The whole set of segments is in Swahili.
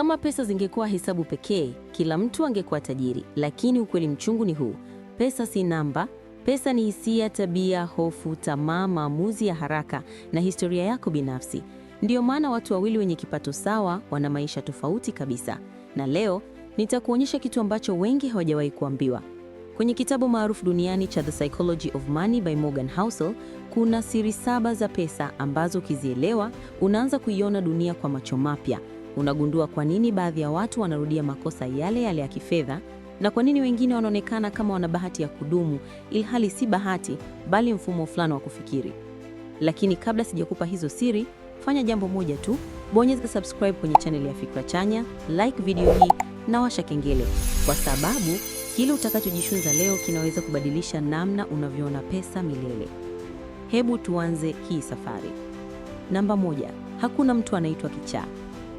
Kama pesa zingekuwa hesabu pekee, kila mtu angekuwa tajiri, lakini ukweli mchungu ni huu: pesa si namba. Pesa ni hisia, tabia, hofu, tamaa, maamuzi ya haraka na historia yako binafsi. Ndiyo maana watu wawili wenye kipato sawa wana maisha tofauti kabisa. Na leo nitakuonyesha kitu ambacho wengi hawajawahi kuambiwa. Kwenye kitabu maarufu duniani cha The Psychology of Money by Morgan Housel kuna siri saba za pesa ambazo ukizielewa unaanza kuiona dunia kwa macho mapya unagundua kwa nini baadhi ya watu wanarudia makosa yale yale ya kifedha na kwa nini wengine wanaonekana kama wana bahati ya kudumu, ilhali si bahati, bali mfumo fulani wa kufikiri. Lakini kabla sijakupa hizo siri, fanya jambo moja tu, bonyeza subscribe kwenye chaneli ya Fikra Chanya, like video hii na washa kengele, kwa sababu kile utakachojifunza leo kinaweza kubadilisha namna unavyoona pesa milele. Hebu tuanze hii safari. Namba moja, hakuna mtu anaitwa kichaa.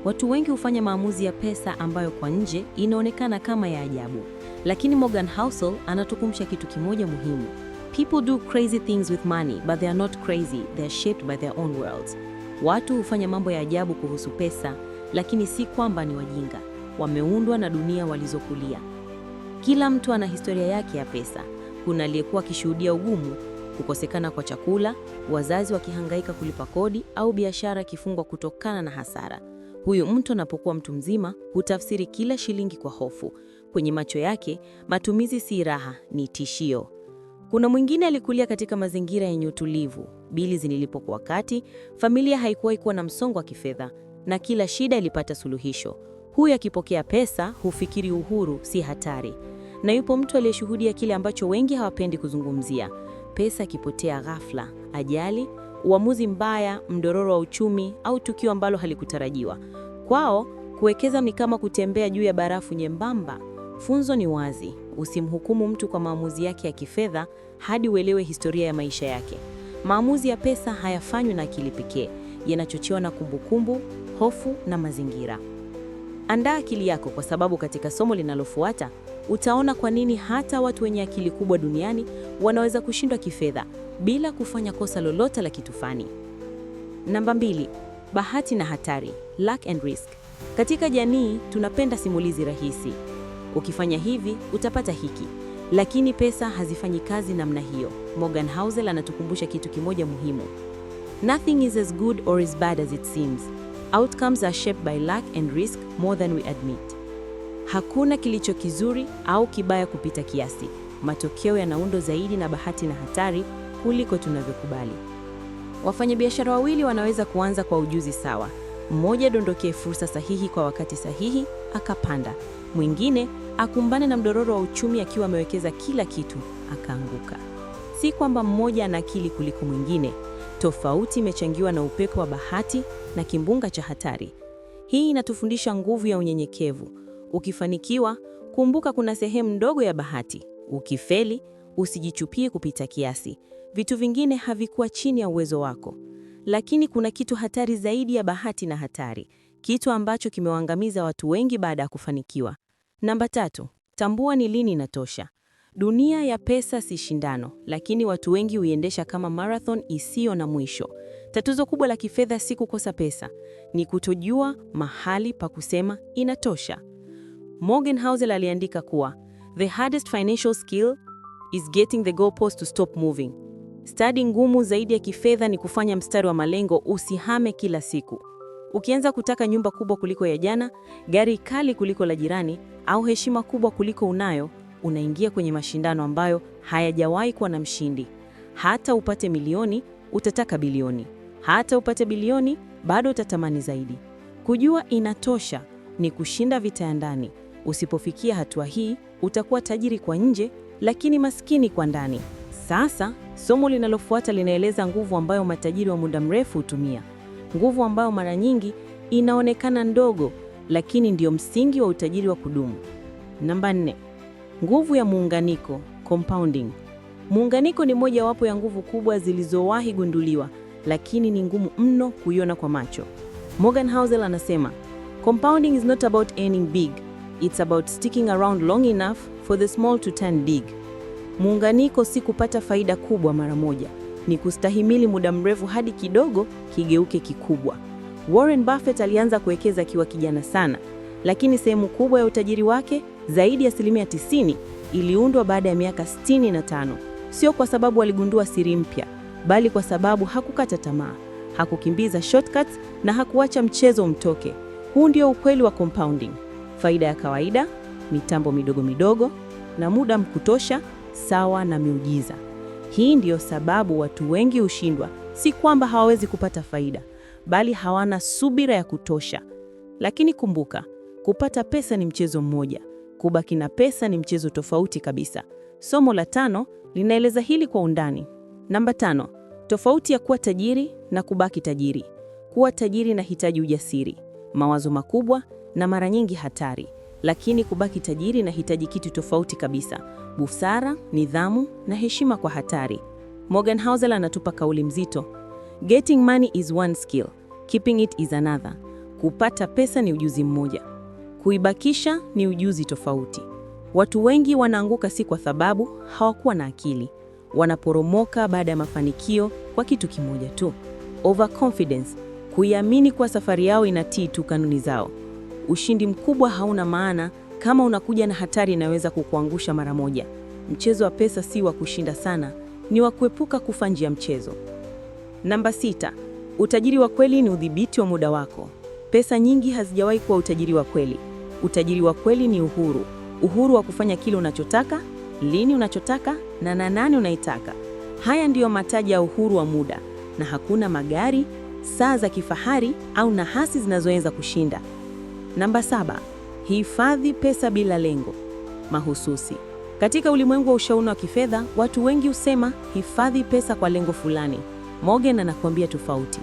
Watu wengi hufanya maamuzi ya pesa ambayo kwa nje inaonekana kama ya ajabu, lakini Morgan Housel anatukumbusha kitu kimoja muhimu: people do crazy things with money but they are not crazy, they are shaped by their own worlds. Watu hufanya mambo ya ajabu kuhusu pesa, lakini si kwamba ni wajinga, wameundwa na dunia walizokulia. Kila mtu ana historia yake ya pesa. Kuna aliyekuwa akishuhudia ugumu, kukosekana kwa chakula, wazazi wakihangaika kulipa kodi, au biashara ikifungwa kutokana na hasara. Huyu mtu anapokuwa mtu mzima hutafsiri kila shilingi kwa hofu. Kwenye macho yake, matumizi si raha, ni tishio. Kuna mwingine alikulia katika mazingira yenye utulivu, bili zinilipo kwa wakati, familia haikuwahi kuwa na msongo wa kifedha na kila shida ilipata suluhisho. Huyu akipokea pesa hufikiri uhuru, si hatari. Na yupo mtu aliyeshuhudia kile ambacho wengi hawapendi kuzungumzia: pesa ikipotea ghafla, ajali uamuzi mbaya, mdororo wa uchumi au tukio ambalo halikutarajiwa. Kwao kuwekeza ni kama kutembea juu ya barafu nyembamba. Funzo ni wazi: usimhukumu mtu kwa maamuzi yake ya kifedha hadi uelewe historia ya maisha yake. Maamuzi ya pesa hayafanywi na akili pekee, yanachochewa na kumbukumbu, hofu na mazingira. Andaa akili yako, kwa sababu katika somo linalofuata utaona kwa nini hata watu wenye akili kubwa duniani wanaweza kushindwa kifedha, bila kufanya kosa lolote la kitufani. Namba mbili, bahati na hatari, luck and risk. Katika jamii tunapenda simulizi rahisi. Ukifanya hivi utapata hiki, lakini pesa hazifanyi kazi namna hiyo. Morgan Housel anatukumbusha kitu kimoja muhimu: nothing is as good or as bad as it seems, outcomes are shaped by luck and risk more than we admit. Hakuna kilicho kizuri au kibaya kupita kiasi. Matokeo yanaundwa zaidi na bahati na hatari kuliko tunavyokubali. Wafanyabiashara wawili wanaweza kuanza kwa ujuzi sawa, mmoja dondokie fursa sahihi kwa wakati sahihi akapanda, mwingine akumbane na mdororo wa uchumi akiwa amewekeza kila kitu akaanguka. Si kwamba mmoja ana akili kuliko mwingine, tofauti imechangiwa na upepo wa bahati na kimbunga cha hatari. Hii inatufundisha nguvu ya unyenyekevu. Ukifanikiwa, kumbuka kuna sehemu ndogo ya bahati. Ukifeli, usijichupie kupita kiasi. Vitu vingine havikuwa chini ya uwezo wako. Lakini kuna kitu hatari zaidi ya bahati na hatari, kitu ambacho kimewaangamiza watu wengi baada ya kufanikiwa. Namba tatu, tambua ni lini inatosha. Dunia ya pesa si shindano, lakini watu wengi huiendesha kama marathon isiyo na mwisho. Tatizo kubwa la kifedha si kukosa pesa, ni kutojua mahali pa kusema inatosha. Morgan Housel aliandika kuwa the hardest financial skill is getting the goalpost to stop moving. Stadi ngumu zaidi ya kifedha ni kufanya mstari wa malengo usihame kila siku. Ukianza kutaka nyumba kubwa kuliko ya jana, gari kali kuliko la jirani, au heshima kubwa kuliko unayo, unaingia kwenye mashindano ambayo hayajawahi kuwa na mshindi. Hata upate milioni, utataka bilioni. Hata upate bilioni, bado utatamani zaidi. Kujua inatosha ni kushinda vita ya ndani. Usipofikia hatua hii, utakuwa tajiri kwa nje, lakini maskini kwa ndani. Sasa somo linalofuata linaeleza nguvu ambayo matajiri wa muda mrefu hutumia, nguvu ambayo mara nyingi inaonekana ndogo, lakini ndiyo msingi wa utajiri wa kudumu. Namba nne, nguvu ya muunganiko, compounding. Muunganiko ni mojawapo ya nguvu kubwa zilizowahi gunduliwa, lakini ni ngumu mno kuiona kwa macho. Morgan Housel anasema, compounding is not about earning big, it's about sticking around long enough for the small to turn big. Muunganiko si kupata faida kubwa mara moja, ni kustahimili muda mrefu hadi kidogo kigeuke kikubwa. Warren Buffett alianza kuwekeza akiwa kijana sana, lakini sehemu kubwa ya utajiri wake, zaidi ya asilimia 90, iliundwa baada ya miaka 65, sio kwa sababu aligundua siri mpya, bali kwa sababu hakukata tamaa, hakukimbiza shortcuts na hakuacha mchezo mtoke Huu ndio ukweli wa compounding: faida ya kawaida, mitambo midogo midogo na muda mkutosha sawa na miujiza. Hii ndiyo sababu watu wengi hushindwa, si kwamba hawawezi kupata faida, bali hawana subira ya kutosha. Lakini kumbuka, kupata pesa ni mchezo mmoja, kubaki na pesa ni mchezo tofauti kabisa. Somo la tano linaeleza hili kwa undani. Namba tano, tofauti ya kuwa tajiri na kubaki tajiri. Kuwa tajiri inahitaji ujasiri, mawazo makubwa na mara nyingi hatari. Lakini kubaki tajiri hitaji kitu tofauti kabisa: busara, nidhamu na heshima kwa hatari. Morgan Housel anatupa kauli mzito: Getting money is one skill, keeping it is another. Kupata pesa ni ujuzi mmoja, kuibakisha ni ujuzi tofauti. Watu wengi wanaanguka si kwa sababu hawakuwa na akili, wanaporomoka baada ya mafanikio kwa kitu kimoja tu: overconfidence, kuiamini kuwa safari yao inatii tu kanuni zao ushindi mkubwa hauna maana kama unakuja na hatari inaweza kukuangusha mara moja. Mchezo wa pesa si wa kushinda sana, ni wa kuepuka kufa nje ya mchezo. Namba sita, utajiri wa kweli ni udhibiti wa muda wako. Pesa nyingi hazijawahi kuwa utajiri wa kweli. Utajiri wa kweli ni uhuru, uhuru wa kufanya kile unachotaka, lini unachotaka na na nani unaitaka. Haya ndiyo mataji ya uhuru wa muda, na hakuna magari, saa za kifahari au nahasi zinazoweza kushinda. Namba saba, hifadhi pesa bila lengo mahususi. Katika ulimwengu wa ushauri wa kifedha, watu wengi husema hifadhi pesa kwa lengo fulani. Morgan anakuambia tofauti.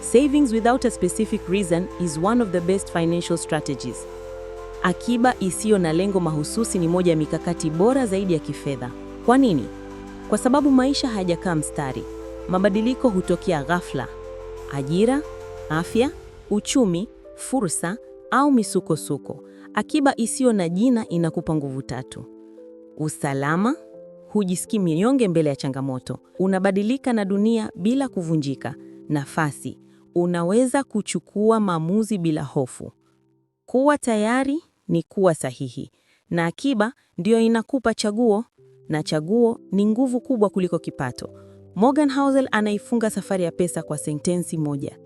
Savings without a specific reason is one of the best financial strategies. Akiba isiyo na lengo mahususi ni moja ya mikakati bora zaidi ya kifedha. Kwa nini? Kwa sababu maisha hayajakaa mstari. Mabadiliko hutokea ghafla. Ajira, afya, uchumi, fursa au misukosuko, akiba isiyo na jina inakupa nguvu tatu: usalama, hujisikii mnyonge mbele ya changamoto, unabadilika na dunia bila kuvunjika; nafasi, unaweza kuchukua maamuzi bila hofu. Kuwa tayari ni kuwa sahihi, na akiba ndiyo inakupa chaguo, na chaguo ni nguvu kubwa kuliko kipato. Morgan Housel anaifunga safari ya pesa kwa sentensi moja: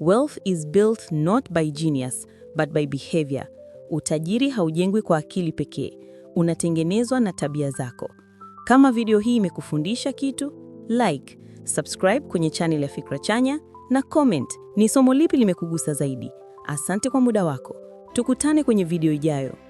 Wealth is built not by genius but by behavior. Utajiri haujengwi kwa akili pekee, unatengenezwa na tabia zako. Kama video hii imekufundisha kitu, like, subscribe kwenye channel ya Fikra Chanya na comment ni somo lipi limekugusa zaidi. Asante kwa muda wako, tukutane kwenye video ijayo.